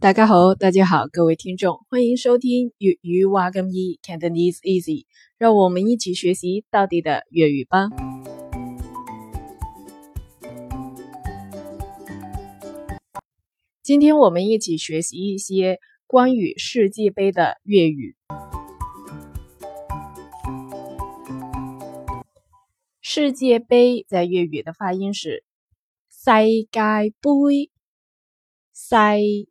大家好，大家好，各位聽眾，歡迎收聽粵語挖根一，Cantonese is easy，讓我們一起學習到底的粵語吧。今天我們一起學習一些關於世界杯的粵語。世界杯在粵語的發音是世界杯，世杯。世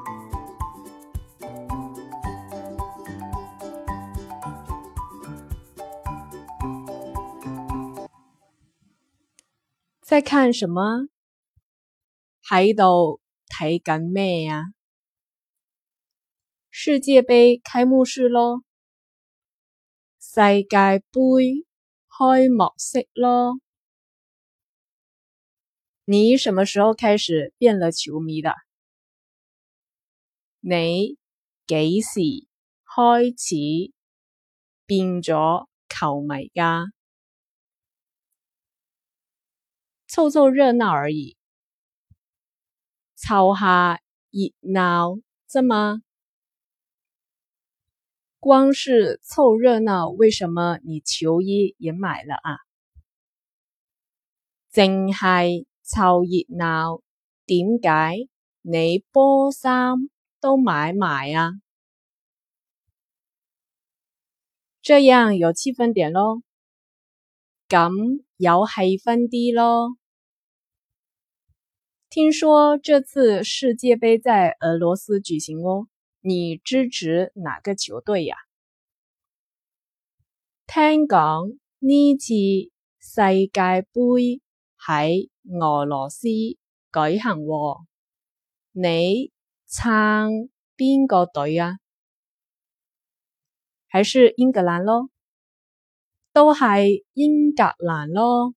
在看什麼？喺度睇緊咩啊？世界杯開幕式咯，世界杯開幕式咯。你什麼時候開始變了球迷的？你幾時開始變咗球迷嘎？湊湊熱鬧而已，湊下熱鬧啫嘛。光是湊熱鬧，為什麼你球衣也買了啊？淨係湊熱鬧，點解你波衫都買埋啊？這樣有氣氛點咯，咁有氣氛啲咯。聽說這次世界盃在俄羅斯舉行哦，你支持哪個球隊呀、啊？聽講呢次世界杯喺俄羅斯舉行喔，你撐邊個隊啊？還是英格蘭咯。都係英格蘭咯。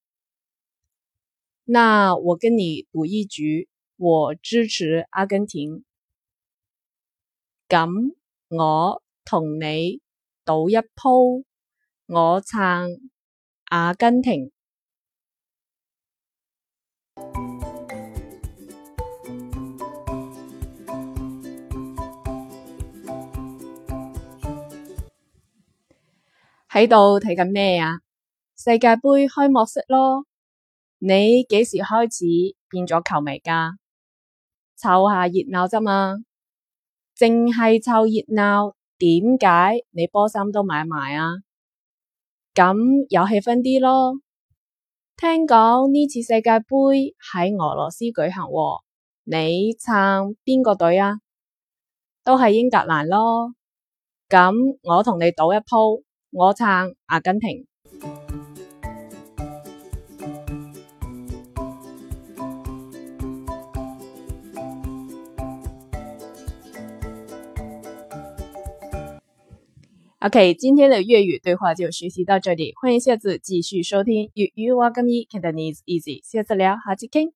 那我跟你賭一局，我支持阿根廷。咁我同你賭一鋪，我撐阿根廷。喺度睇緊咩啊？世界杯開幕式咯。你幾時開始變咗球迷噶？湊下熱鬧咋嘛，淨係湊熱鬧，點解你波衫都買埋啊？咁有氣氛啲咯。聽講呢次世界杯喺俄羅斯舉行喎，你撐邊個隊啊？都係英格蘭咯。咁我同你賭一鋪，我撐阿根廷。OK，今天的粵語對話就學習到這裏，歡迎下次繼續收聽。粵語話更易，Cantonese is easy，下次聊，好，再見。